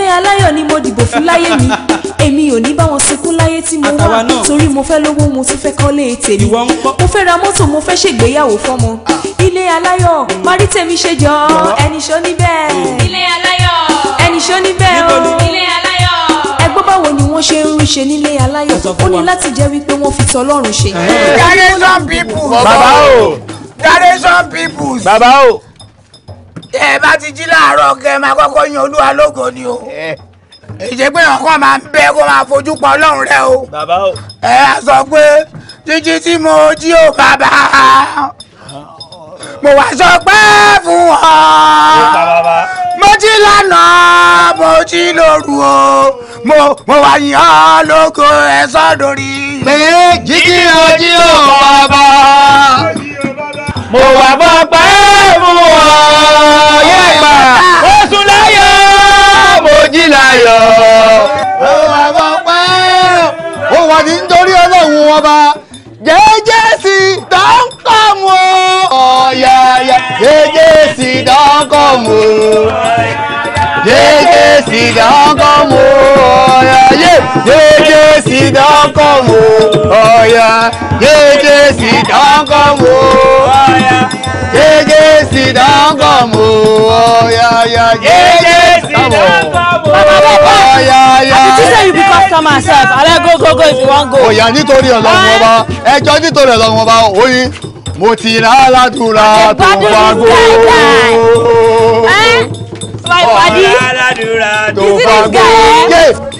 ẹgbẹ́ aláyọ̀ ni mo dìbò fún láyé mi èmi ò ní bá wọn sunkún láyé tí mo wà torí mo fẹ́ lówó mo tún fẹ́ kọ́lé tèmi mo fẹ́ ra mọ́tò mo fẹ́ ṣègbéyàwó fọ́mọ ah. ilé aláyọ̀ parí tèmi ṣe jọ ẹni ṣó níbẹ̀ hmm. ilé aláyọ̀ ẹni ṣó níbẹ̀ o ilé aláyọ̀ ẹgbọ́n báwo ni wọ́n ṣe ń rí ṣe nílé aláyọ̀ ó ní láti jẹ́ wípé wọ́n fi tọ́lọ́run ṣe. generation people baba o generation people baba o ẹ bá ti jí láàárọ̀ kẹ máa kọ́kọ́ yan olúwa lógo ni o ìjẹ́ pé ọkọ máa ń bẹ kó máa fojú pa ọlọ́run rẹ o bàbá o ẹ á sọ pé jíjí tí mo jí o bàbá mo wá sọ pé fún ọ mo jí lánàá mo jí lóru o mo mo wá yìn ọ́ lógo ẹ sọ lórí. pé jíjí o jí bàbá mo wà bọ́ pẹ́ fún ọ yé gbà ó sùn láyọ̀ mo jí láyọ̀. mo wà bọ́ pẹ́ ó wà ní nítorí ọlọ́run ọba jẹ́jẹ́ sí dọ́ńkọ̀ mu ọ̀yàyà jẹ́jẹ́ sí dọ́ńkọ̀ mu jẹ́jẹ́ sí dọ́ńkọ̀ mu ọ̀yàyà si dọ́kọ̀ mú ọ̀yà jẹ́jẹ́ si dọ́kọ̀ mú ọ̀yà jẹ́jẹ́ si dọ́kọ̀ mú ọ̀yà jẹ́jẹ́ si dọ́kọ̀ mú ọ̀yà you be go go go if you wan go. ọ̀yà nítorí ọlọ́run ọba ẹjọ́ nítorí ọlọ́run ọba oyin mo ti rà eh? ládùúrà tó bá gbó. my body. Oh, eh? yeah, yeah.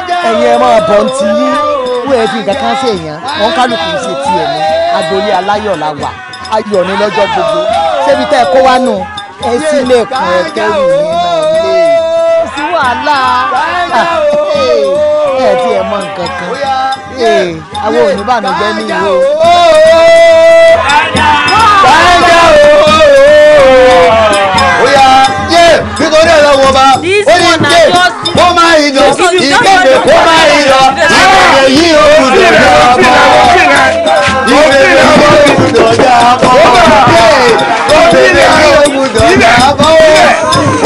ẹ̀yin ẹ máa bọ̀ ntí yín wọ́n ẹ fi nǹkan kan ṣe èèyàn wọ́n kálukú ṣe tiẹ̀ ní agboolé aláyọ̀ la wà ayọ̀ ní lọ́jọ́ gbogbo ṣébi tẹ́ ẹ kó wá nù ẹ sì lè kún ẹ kẹ́rù yín náà sí wàhálà ah, eh, ẹ ti ẹ mọ nǹkan kan eh, àwọn òní bànújẹ́ ní ìwé o. nítorí ọlọ́wọ́ ọba ó ní ké kó má ìlọ ìkéde kó má ìlọ ìkéde yìí ó kùdò ní ìkéde ó kùdò ní ọmọ ìkéde ó kùdò ní ọmọ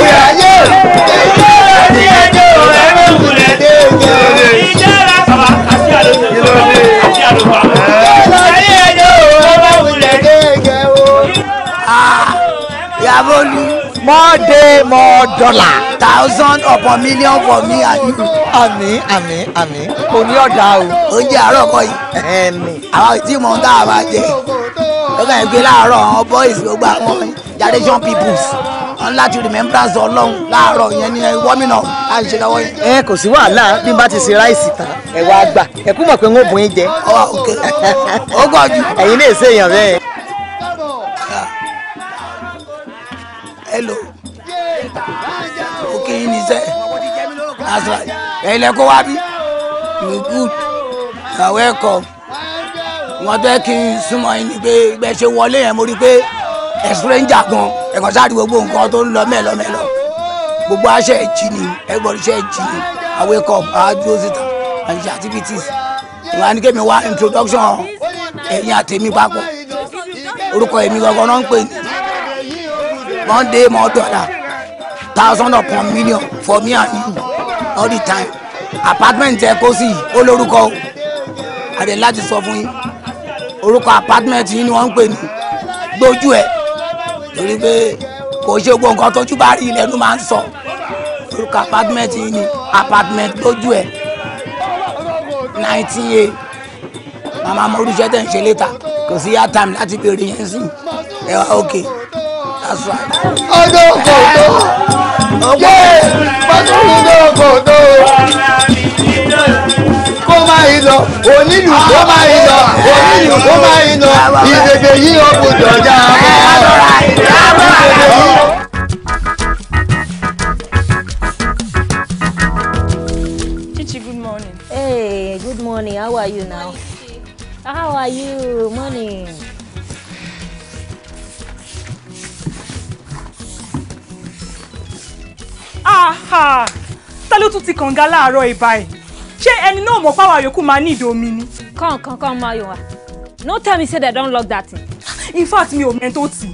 ìyá yé ìjọ rẹ ní ẹjọ́ rẹ ló kù rẹ dé more day more dollar. thousand upon million for me and you. àmín àmín àmín kò ní ọ̀dà o. oúnjẹ àárọ̀ kọ́ yìí. ẹ̀mí. àwa ò tí mọ ohun tá a máa jẹ. ó kàn gbé láàárọ̀ àwọn boys gbogbo àwọn generation peoples wọn láti remembrance ọlọ́run láàárọ̀ yẹn ni wọ́mìnà á ń ṣe lọ́wọ́ yẹn. ẹ kò sí wàhálà bí n bá ti ṣe ráìsì tán ẹ wá gbà ẹ kú mọ̀ pé ń ó bùn yín jẹ. ọwọ́ òkè ó gbọ́ ju. ẹ̀yin lè ṣe èèyàn bẹ́ẹ̀. that's right ẹ̀yin lẹ́kọ́ wá bí you good na welcome wọ́n fẹ́ kí n súnmọ́ yín ni pé bẹ́ẹ̀ ṣe wọlé yẹn mo rí i pé ẹ̀sìrẹ́ńjà gan ẹ̀kọ́ sáré gbogbo nǹkan tó ń lọ mẹ́lọmẹ́lọ gbogbo aṣẹ ẹ̀jì ni everybody ṣe ẹ̀jì ni i wake up i dúró síta and ṣe activities ìwà ni kémi wá introduction ẹ̀yin àtẹ̀mí papọ̀ orúkọ èmi gangan náà ń pè ní Monday mọ́tò thousand upon million for me and you all the time apartment ẹ kó sí ó lórúkọ àdé láti sọ fún yín orúkọ apartment yín ni wọ́n ń pè ní gbójú ẹ̀ torí pé kò ṣe gbogbo nǹkan tójú bá rí ilẹ̀ máa ń sọ orúkọ apartment yín ni apartment gbójú ẹ̀ nineteen a màmá mo rí iṣẹ́ tẹ̀ ń ṣe létà kò sí airtime láti béèrè yẹn sí ẹ wá okay ọdún kòtò yé pàtàkì ọdún kòtò kó má yìí lọ onílù kó má yìí lọ onílù kó má yìí lọ ìdèdè yìí ọkùn jọjà mọ́ Hey, good morning. How are you now? How are you? Morning. ta ló tún ti kànga láàárọ̀ ìbá ẹ̀ ṣé ẹni náà mọ̀ fáwọn àyòkù máa ní ìdò omi ni. kàn kàn kàn máa yọ wá no tell me say they don lock that thing. in fact mi ò mẹ́ tó tì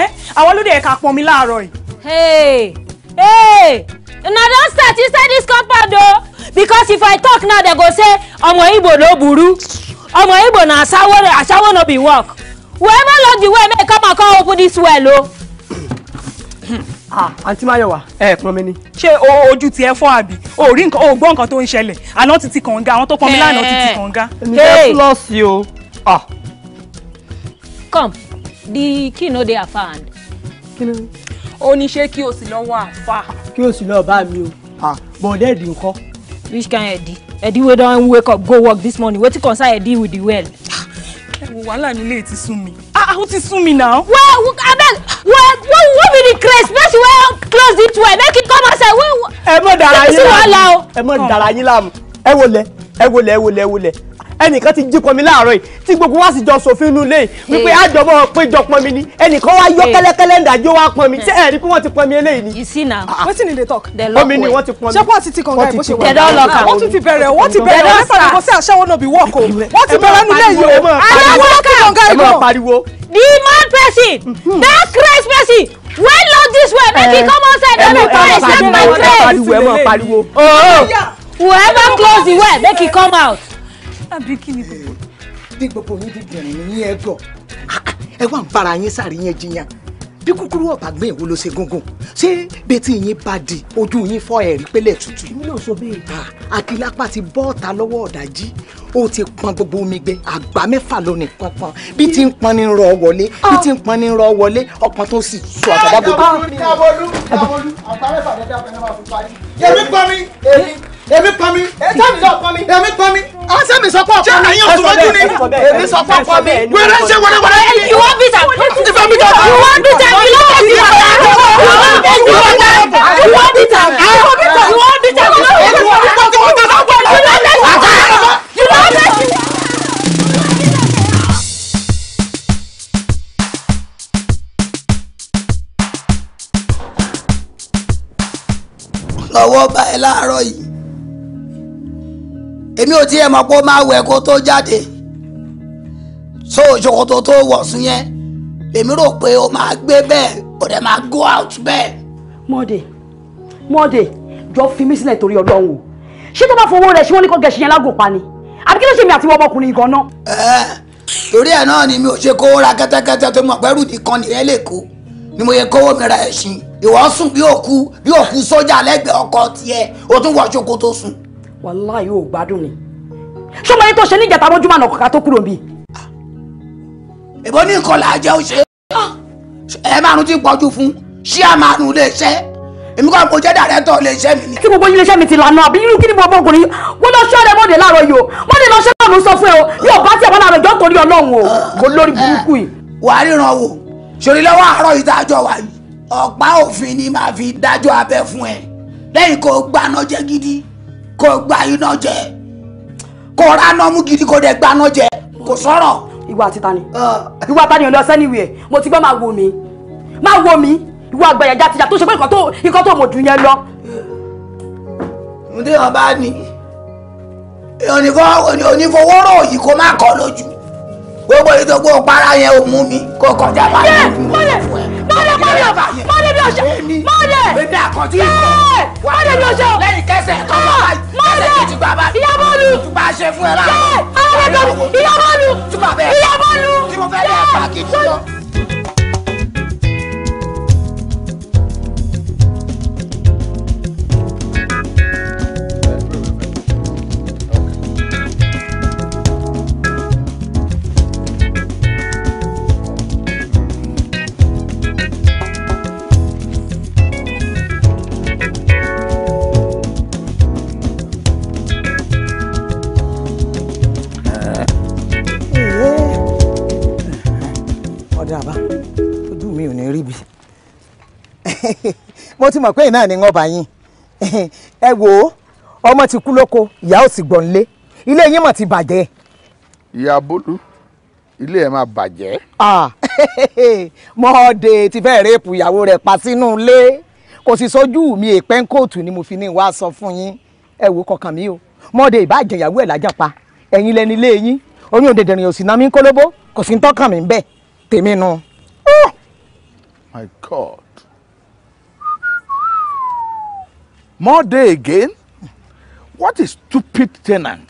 ẹ́ àwọn olóde ẹ̀ka pọn mi láàárọ̀ yìí. hey hey una don start inside this compound o because if i talk now they go say ọmọ Igbo no buru ọmọ Igbo na asawo asawo no be work whoever lock the well make come and come open this well o. Oh àǹtí hmm. Máyọ̀wá ẹ pọn mi ni. ṣé ojú tiẹ̀ fọ́ àbí o rí nǹkan o gbọ́ nǹkan tó ń ṣẹlẹ̀ àná ti ti kànga àwọn tó pọn mi lánàá ti ti eh. kànga. ǹjẹ́ fúlọ́ọ̀sì o. Ah. come the key no dey afa hand. kí ní ṣé kí o sì lọ wá àfa. kí o sì lọ bá mi o ah, bọ̀dẹ́ ẹ̀dì ńkọ́. which kind ẹ̀dì ẹ̀dì wey don wake up go work this morning wetin concern ẹ̀dì with the well. ẹ ah, wò wàhálà nílé ti sún mi ah o ti sún mi na. well abeg well well we be the craze make you well close it well make it come outside well. ẹ mọ dara yín láàmú ẹ mọ dara yín láàmú ẹ wọlé ẹ wọlé ẹ wọlé ẹ wọlé ẹnìkan ti jí pọnmi láàárọ̀ yìí tí gbogbo wa sì jọ ṣòfin inú ilé yìí wípé àjọbọ péjọ pọnmi ni ẹnìkan wá yọ kẹ́lẹ́kẹ́lẹ́ ǹdàjọ wá pọnmi ṣé ẹ rí pé wọ́n ti pọnmi eléyìí ni. you see now ah. wetin you dey talk. omi ni wọ́n ti pọnmi. ṣé pọ́n ti ti kànga ìbò ṣe wà. tẹ̀dọ́ lọ́kà wọ́n tún ti bẹ̀rẹ̀ wọ́n ti bẹ̀rẹ̀ wọ́n sọ̀rọ̀ kò sí àṣẹwọ́n náà bí wọ́ọ̀kọ̀ wọ́n ti bẹ̀rẹ̀ nílé yìí o. aláwọ̀ kà the mad person hmm. that crazy person wey love this way make e eh. come outside don dey try accept my grace. Oh. whoever close the way make e come out àbí kí ni eh, gbogbo. bí gbogbo yín dìgbìrín ni yín ẹ gọ̀ ah, ah, ẹ wà ń bára yín sáré yẹn jiyàn bí kúkúrú ọ̀bà gbé ìwo ló ṣe gúngún ṣé betí yín bá di ojú yín fọ́ ẹ̀rí pélé tútù. èmi náà sọ bẹ́ẹ̀. Ah, àkìlápá ti bọ́ ọ̀tá lọ́wọ́ ọ̀dájí ó ti pọn gbogbo omi gbẹ àgbá mẹ́fà lónìí kankan bí ti ń pọn ní rọ wọlé bí ti ń pọn ní rọ wọlé ọkàn tó sì sọ àgbàdo. kábolú kábolú kábolú àgbá mẹ́fà dẹ́dẹ́ ọ̀pẹ náà máa fi parí. èmi gbọ́ mi èmi èmi pọnmi. èmi sọ pọnmi. èmi pọnmi. ọsẹ mi sọ pé ọkọ mi. ẹyin òsùnmọ́jú ni. èmi sọ pé ọkọ mi. wẹrẹ ṣe wẹrẹ wẹrẹ. you wan bitter. ìfẹ́ mi tọ̀ fún. you wan bitter. you no fit be wata. you wan bitter. you wan bitter. you wan bitter. you wan bitter. you wan bitter. you no fit be wata. you no fit be wata. you no fit be wata. lọ́wọ́ báyìí láàárọ̀ yìí èmi ò tiẹ̀ mọ̀ pé ó máa wẹ̀ kó tó jáde so ìṣòkòtò tó wọ̀ sí yẹn èmi rò pé ó máa gbé bẹ́ẹ̀ ó dẹ̀ máa go out bẹ́ẹ̀. mọ́ọ̀dẹ̀ mọ́ọ̀dẹ̀ jọ fi mí sílẹ̀ torí ọlọ́run o ṣé tó bá fowó rẹ̀ ṣé wọ́n ní kó gẹ̀ẹ́sì yẹn lágùn pa ni àbí kí ló ṣe mi àti ọmọkùnrin gan náà. ẹ torí ẹ náà ni mi ò ṣe kówó ra kẹ́tẹ́kẹ́tẹ́ tó mọ̀ pẹ́rù nìkan nìyẹn lè kó ni mo yẹ kówó mi ra ẹ̀sìn ìwọ sùn bí òkú bí òkú sójà lẹ́gbẹ̀ẹ́ ọkọ tiẹ̀ o tún wọ ṣòkòtò sùn wàláhì ò gbádùn ni ṣọmọ yìí tó ṣe níjàtà mọ́júmọ́ àná kọ̀ọ̀ká tó kúrò níbí. èbó ní nǹkan là á jẹ́ òṣè ẹ márùn ti pọ̀jù fún ṣí à márùn lè ṣẹ́ èmi kọ́ mo jẹ́ dàrẹ́tọ̀ lè ṣẹ́ mi ni. kí gbogbo iléeṣẹ́ mi ti lànà àbí irú kí ni bọ́ ọmọkùnrin wọ́n lọ ṣọ́ọ̀rẹ́ mọ́dé láàárọ̀ yìí o mọ́dé lọ ṣẹ́ náà ló sọ fún ẹ o yóò bá tiẹ̀ wọ́n láàárọ̀ ìjọ́ torí ọlọ́run o kò lórí burúkú yìí. wàá ríran wò sori lọ́wọ́ àárọ̀ ìdájọ́ wa yìí ọ̀pá òfin ni màá fi dájọ́ abẹ́ fún ẹ lẹ́yìn kó gbaná jẹ́ gidi kò gba iná jẹ kò ráná mú gidi kò dẹ̀ gbaná jẹ kò sọ̀rọ̀. ìwà àti tani ah. ìwà tani ọ̀lẹ́ ọ̀sẹ́ níwèé mo ti gbọ́ máa wò mí máa wò mí ìwà àgbàyàn jàtìjà tó ṣe pé nǹkan tó mọ̀ dùn yẹn lọ. ǹdí wọn bá ní onífowóró yìí má kọ lójú gbogbo ìdógbò para yẹn ò mú mi kó kọjá báyìí mọ́dẹ̀ mọ́dẹ̀ mọ́dẹ̀ bí ọ̀ṣẹ́ mọ́dẹ̀ bébí àkọ́tí ìkọ́ mọ́dẹ̀ bí ọ̀ṣẹ́ lẹ́yìn kẹsẹ̀ ah, tó bá mọ́dẹ̀ ìyábọ̀lù tuba ṣe fún ẹ láàárọ̀ ìyábọ̀lù ìyábọ̀lù ìyábọ̀lù tí mo fẹ́ lẹ́ẹ̀pà kí n lọ. mo ti mọ̀ pé ìnáà ni wọ́n bá yín ẹ wò ó ọmọ ti kú lóko ìyá ò sì gbọ̀n lé ilé yín mà ti bàjẹ́. ìyá bólú ilé ẹ máa bàjẹ́. mọ́ọ̀dẹ ti fẹ́ rẹ́ẹ̀pù ìyàwó rẹ̀ pa sínú ilé kò sì sójú mi èèpẹ́ ń kóòtù ni mo fi ní wàá sọ fún yín ẹ wò kọkàn mi o mọ́ọ̀dẹ ìbàjẹ́ ìyàwó ẹ̀ lájà pa ẹ̀yin lẹni ilé yín oyún òdèdèrìn òsì náà mi ń kólóbó kò sí ń tọ́kàn mi ń bẹ̀ tèmi nu. my god More day again? What is stupid tenant,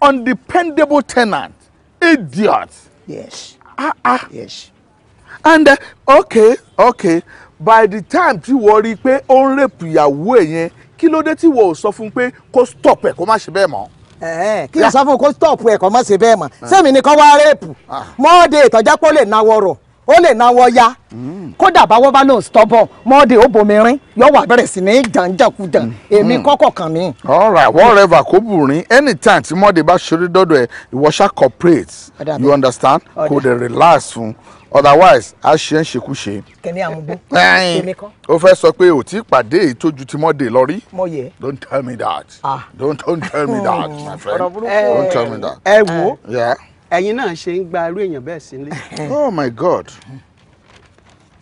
Undependable tenant? idiot. Yes. Ah, ah. Yes. And uh, okay, okay. By the time tí wọ́n rí i pé ó ń rèpù ìyàwó ẹ̀ yẹn, kí ló dé tí wọ́n ò sọ fún un pé kó stop ẹ̀ kó má ṣe bẹ́ẹ̀ mọ́? kí ló sọ fún un kó stop ẹ̀ kó má ṣe bẹ́ẹ̀ mọ́? Ah. Sẹ́mi ni kọ́ wá rèpù. Ah. Mọ́ọ́dé ìtọ́jápọ̀ lè náwó ó lè náwó ya mm. kódà báwọ́ bá lòun stọ́bọ̀ mọ́ọ̀dẹ̀ ó bomirin yóò wà bẹ̀rẹ̀ sí ní jàǹjàkújàn mm. èmi mm. kọ́kọ̀ kan mi. all right whatever kó bùrín anytime tí mọ́ọ̀dẹ̀ bá ṣeré dọ́dọ̀ ẹ̀ ìwọ ṣá cooperate you understand kò dẹ̀ relax fún otherwise a ṣe ń ṣekúṣe. kẹ̀mí àmúgbó kẹ̀mí kan. ó fẹ́ sọ pé ò tí pàdé ìtójú tí mọ́ọ̀dẹ̀ lọ rí. mo yẹ. don't tell me that ah. don't don't tell me that my hmm. friend don't tell me that. ẹ wo. Yeah ẹ̀yin náà ṣe ń gba irú èèyàn bẹ́ẹ̀ sílé. oh my god.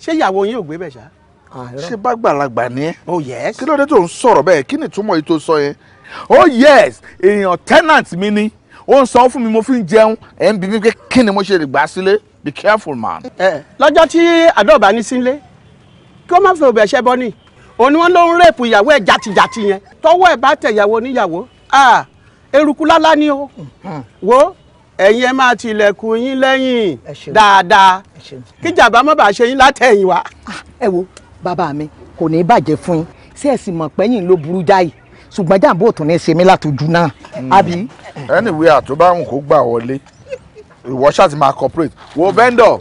ṣé ìyàwó yín ò gbé bẹ̀ ṣá. Ah, ṣé bàgbàlagbà ni ẹ. oh yes. kí ló dé tó ń sọ̀rọ̀ bẹ́ẹ̀ kí ni ìtumọ̀ yìí tó sọ yẹn. oh yes èèyàn tenant mi ni ó ń sanwó fún mi mo fi ń jẹun ẹ̀ ń bí mi pé kí ni mo ṣe lè gbà sílé be careful man. lọ́jọ́ tí àdọ́ọ̀bá ní sílé kí ó má fi òbẹ̀ ṣẹ́ bọ́ ni òun ni wọ́n ló ń rèpù ìyàwó ẹ̀ jàtìjàtì yẹn tọ́wọ́ ẹ̀ bá tẹ̀ ìyàwó oníyàwó ah, eruku lálá ni o hmm. wo ẹ̀yin ẹ máa tilẹ̀kùn yín lẹ́yìn dáadáa kíjàmbá má bàa ṣe yín látẹ̀yìn wá. Ah, ẹ wo bàbá mi kò ní í bàjẹ́ fún yín sí ẹ̀sìn mọ̀ pẹ́yìn ló burú jáì ṣùgbọ́n jàǹbá ò tún ní í ṣe mí látọjú náà hmm. àbí. ẹnìwé àtúbáhùn kó gbà wọlé ìwọ ṣáà máa cooperate wo vendor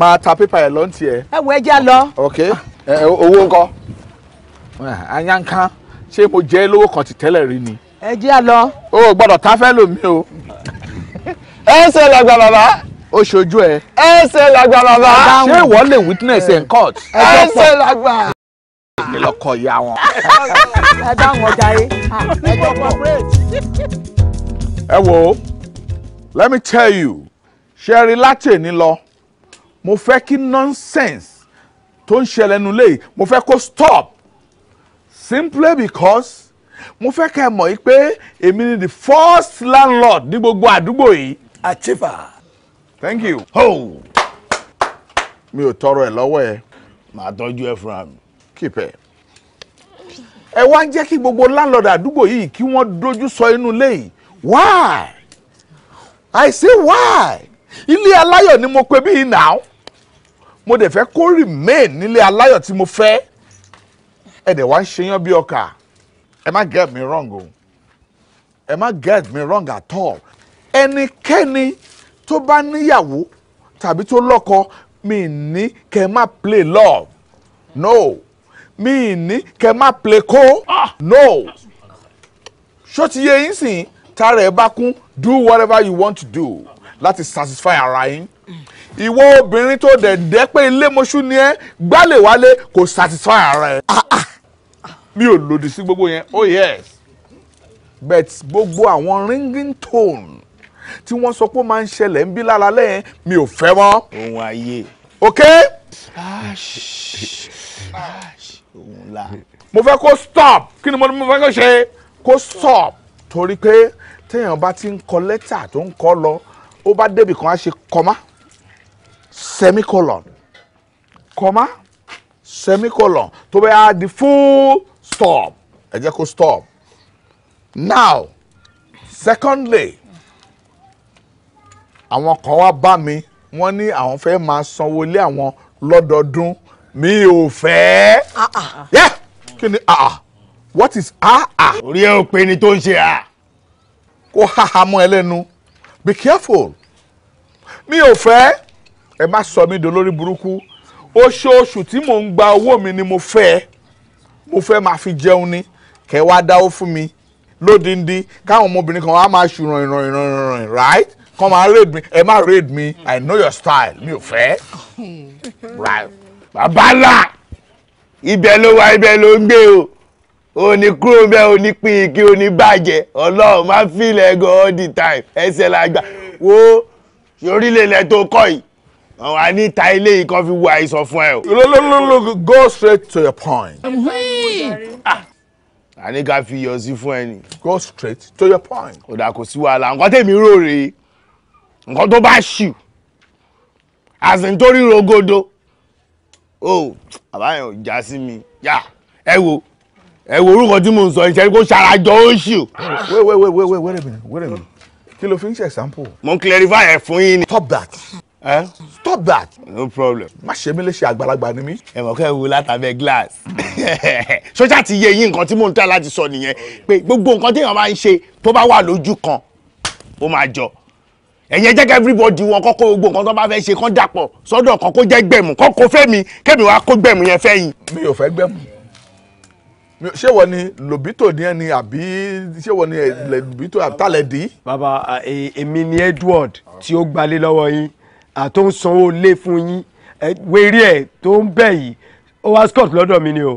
máa ta pépà ẹ̀ lọ́ntì ẹ̀. ẹ wo ẹja lọ. ok owó ńkọ́ ayankan ṣé mo jẹ́ lówó kan ti tẹ́lẹ̀ rí ni. ẹ jẹ́ lọ. o gbọ́dọ̀ ta fẹ́ lómi o ẹsẹ̀ làgbà bàbá. ó ṣojú ẹ. ẹsẹ̀ làgbà bàbá. ṣé ìwọ lè witness in court. ẹsẹ̀ làgbà. èmi lọ kọ ìyá wọn. ẹ dáhùn ọjà yìí. ẹ wo let me tell you ṣe rí látẹ̀ni lọ mo fẹ́ kí nonsense tó ń ṣẹlẹ̀ nu lé mo fẹ́ kó stop simply because mo fẹ́ kẹ́ ẹ mọ̀ yìí pé èmi ni the first landlord ní gbogbo àdúgbò yìí achiever. thank you. ho mi ò tọrọ ẹ lọ́wọ́ ẹ màá tọ́jú ẹ fúnra mi. keep ẹ. ẹ wá ń jẹ́ kí gbogbo landlord àdúgbò yìí kí wọ́n dojú sọ inú ilé yìí why i say why ilé aláyọ̀ ni mo pe bíi now mo dẹ̀ fẹ́ kó remain nílé aláyọ̀ tí mo fẹ́ ẹ dẹ̀ wá ń ṣeyán bí ọkà ẹ má get me wrong o ẹ má get me wrong at all ẹnikẹ́ni tó bá níyàwó tàbí tó lọ́kọ mi ní kẹ́ má play love no mi ní kẹ́ má play co, ah. no ṣó ti yé yín sìn tààrà ẹ bá kún do whatever you want to do láti satisfy ara yín ìwọ obìnrin tó dẹ̀dẹ́ pé ilé mọ́ṣú ni ẹ gbálẹ̀ wálé kò satisfy ara ẹ ah, ah. mi ò lòdì sí gbogbo yẹn oh yes but gbogbo àwọn ringing tone tí wọ́n sọ pé ó máa ń ṣẹlẹ̀ ń bí lára lẹ́yìn mi ò fẹ́ wọn. ohun ayé. ok. mo fẹ́ kó stop kí ni mo fẹ́ kó ṣe kó stop torí pé téèyàn bá ti ń kọ lẹ́tà tó ń kọ lọ ó bá débì kan á ṣe kọ́má semicolon kọ́má semicolon tó bẹ́ẹ̀ á di full stop ẹ jẹ́ kó stop now secondly àwọn kan wá bá mi wọ́n ní àwọn fẹ́ máa sanwó lé àwọn lọ́dọọdún mi ò fẹ́. yẹ kí ni what is ah ah. orí ẹ ò pe ni tó ń ṣe ah. kó haha mọ́ ẹ lẹ́nu be careful mi ò fẹ́ ẹ má sọ mi dò lórí burúkú oṣooṣù tí mò ń gba owó mi ni mo fẹ́ mo fẹ́ máa fi jẹun ni kẹ́ wá dáwó fún mi lódindi káwọn ọmọbìnrin kan wá máa ṣùràn ìràn ìràn ìràn right Come and raid me. ẹ má raid me. i know your style mi ò right? babalá ibẹ̀ ló wá ibẹ̀ ló ń gbé o òní kúrò bẹ́ẹ̀ òní pin igi òní bàjẹ́ ọlọ́run máa ń fìlẹ̀ gan all the time ẹsẹ̀ la gbà wo orílẹ̀-èdè tó kọ́ yìí àwọn àníta ilé yìí kan fi wo àìsàn fún ẹ o. lolololo go straight to your point. àní ah. ká fi iyọ̀ sí fún ẹ ni. go straight to your point. kódà kò sí wàhálà nǹkan tèmi rò rèé nǹkan tó bá ṣù àsìn torí rogodo o àbáyọ ìjà sí mi yá ẹ wo ẹ wo orúkọ tí mo ń sọ ìṣẹ́ kó ṣarajọ ó ṣì o. wait wait wait wait wait a minute wait a minute kí ló fi ń ṣe example. mo ń clarify ẹ fún yín ni. stop that. Eh? stop that. no problem. má ṣe mí léṣe àgbàlagbà ni mí. ẹ mọ̀ kẹ́ ẹ wo látàbẹ̀ glass. sọ́jà ti yé yín nǹkan tí mò ń tà láti sọ nìyẹn pé gbogbo nǹkan téèyàn máa ń ṣe tó bá wà lójú kan ó máa jọ ẹ̀yẹn jẹ́ kí everybody wọn kọ́kọ́ gbogbo nǹkan tó bá fẹ́ ṣe kán dàpọ̀ sọ́dọ̀ kan kó jẹ́ gbẹ̀mù kán kó fẹ́ mi kémi wàá kó gbẹ̀mù yẹn fẹ́ yìí. mi ò fẹ́ gbẹ̀mù ṣé wọ́n ni lòbítò ni ẹ ni àbí ṣé wọ́n ni lòbítò àtàlẹ́dì. bàbá e, èmi ni Edward tí ó gbalé lọ́wọ́ yín àtó ń sanwó lé fún yín wérí ẹ̀ tó ń bẹ̀ yìí ó wá Scott lọ́dọ̀ mi ni o.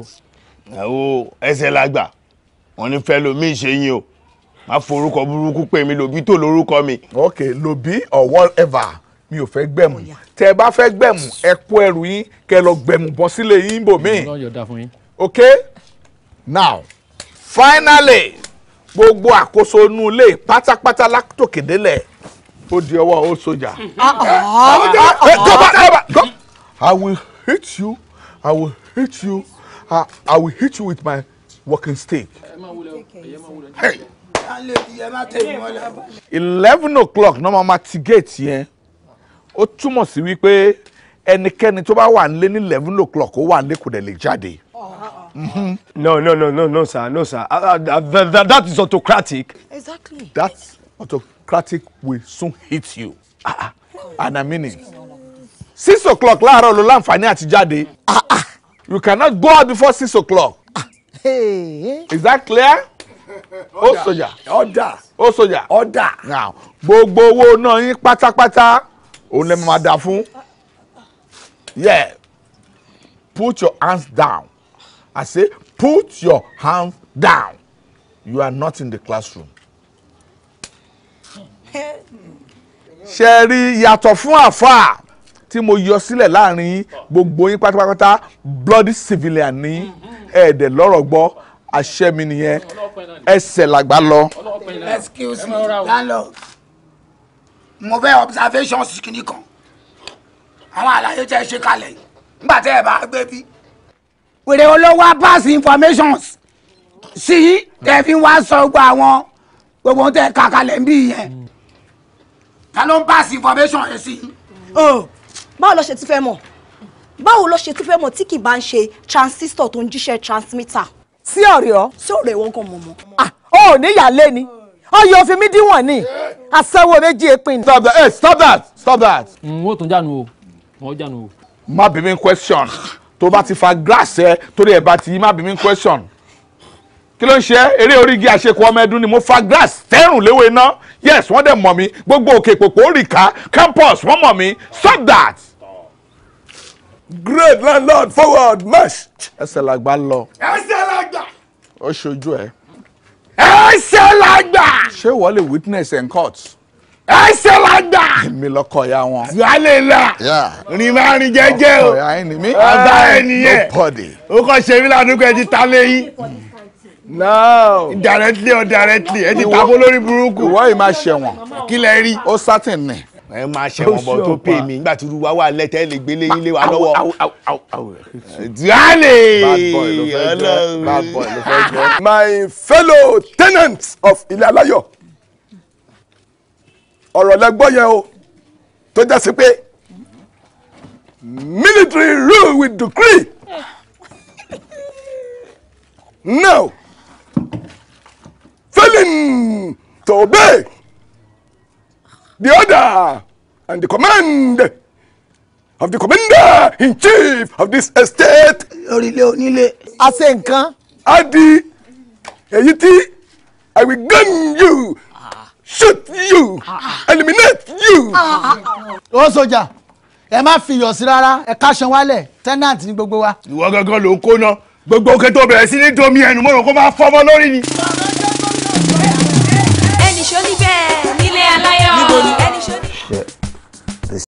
ẹ̀wọ̀ ẹsẹ̀ la gbà wọ́n fẹ́ lomi ṣe yín o má forúkọ burúkú pè mí lòbí tó lórúkọ mi. ok lòbí or whatever mi ò fẹ́ gbẹ̀mù oh, tẹ ẹ bá fẹ́ gbẹ̀mù ẹ kó ẹrù yín kẹ lọ gbẹ̀mù bọ́ sílé yín bò mí. ok now finally gbogbo àkóso inú ilé pátápátá látòkè délẹ̀ ó di ọwọ́ ó sójà. I will hit you I will hit you I, uh, I will hit you with my walking stick. Hey eleven o'clock ní wọ́n máa ti géètì yẹn ó túmọ̀ sí wípé ẹnikẹ́ni tó bá wà nílé ní eleven o'clock ó wà nílé kò dẹ̀ lè jáde. Mhm. no no no no no sir no sir uh, uh, that, that, that is autocratic. exactly. that autocratic will soon hit you ah, and I mean it six o'clock láàárọ̀ ló láǹfààní àti jáde you cannot go out before six o'clock. is that clear ó sọjà ọ̀dà ó sọjà ọ̀dà gbogbo owó náà yín pátápátá òun lè máa dà fún yeah put your hands down I say put your hands down you are not in the classroom. ṣe rí yàtọ̀ fún àfáà tí mo yọ sílẹ̀ láàrin gbogbo yín pátápátá bloody civilian ní ẹ̀ẹ́dẹ̀ lọ́rọ̀ gbọ́ àṣẹ mi nìyẹn ẹsẹ̀ làgbà lọ. excuse me landlord mo fẹ́ observation kìíní kan àwọn àlàyé tẹ́ ṣe kalẹ̀ nígbà tẹ́ ẹ bá gbé bí. wèrè olówó pass informations sí tẹ́ fi wá sọ gbogbo àwọn gbogbo tẹ́ kà kalẹ̀ ń bí yẹn ta ló ń pass information yẹn sí. báwo ló ṣe ti fẹ́ mọ̀ báwo ló ṣe ti fẹ́ mọ̀ tí kì í bá ń ṣe transistor tó ń jíṣẹ́ transmitter sí ọ̀rẹ́ ọ. sí ọ̀rẹ́ wọn kan mọ̀mọ́. ọ ah, ò ní ìyàlẹ́ ni ọyọ òfin mi díwọ̀n ni aṣẹ́wó méjì èpin. stop that hey, stop that stop that. n ó tún jánu o n ó jánu o. má bí mi question tó bá ti fa grass ẹ torí ẹ bá ti yí má bí mi question kí ló ń ṣe eré orígi àṣekù ọmọ ẹdun ni mo fa grass tẹ́rùn léwé iná yes wọ́n dẹ̀ mọ̀ mí gbogbo òkè pòpò òrìkà campus wọ́n mọ̀ mí stop that. great landlord forward march. ẹsẹ̀ làgbà lọ. ẹsẹ̀ ó ṣojú ẹ. ẹ ṣe lágbà. ṣé ìwọ lè witness in court. ẹ ṣe lágbà. èmi lọkọ ya wọn. zuwale la rìn máa rìn jẹ́jẹ́ o ọba ẹnìyẹn o kò ṣe mí ládùúgbò ẹ ti ta lẹ́yìn. No. Directly or directly. Ẹ ti tàbó lórí burúkú. Ìwọ yìí máa ṣẹ̀wọ̀n. Kí lẹ rí? Ó sátìn ni ẹ máa ṣẹ̀wọ̀n bọ̀ tó pè mí nígbà tí olúwa wà lẹ́tẹ̀ lè gbélé ilé wa lọ́wọ́. díálè my fellow tenants of ilé aláyọ̀ ọ̀rọ̀ lẹ́gbọ́ yẹn o tó já sí pé military rule with decree now failing to obey the order and the command of the commander in chief of this estate. orílẹ̀ onílé. a ṣe nǹkan. a di èyí i will gun you shoot you eliminate you. ó sọjà ẹ má fi iyọ̀ sí rárá ẹ káṣan wálẹ̀ tenant ni gbogbo wa. ìwọ gangan ló kó ná gbogbo òkè tó bẹ̀rẹ̀ sí ní domi ẹnu mọ́ràn kó máa fọ́mọ́ lórí ni. ẹnì ṣó níbẹ̀. Shit.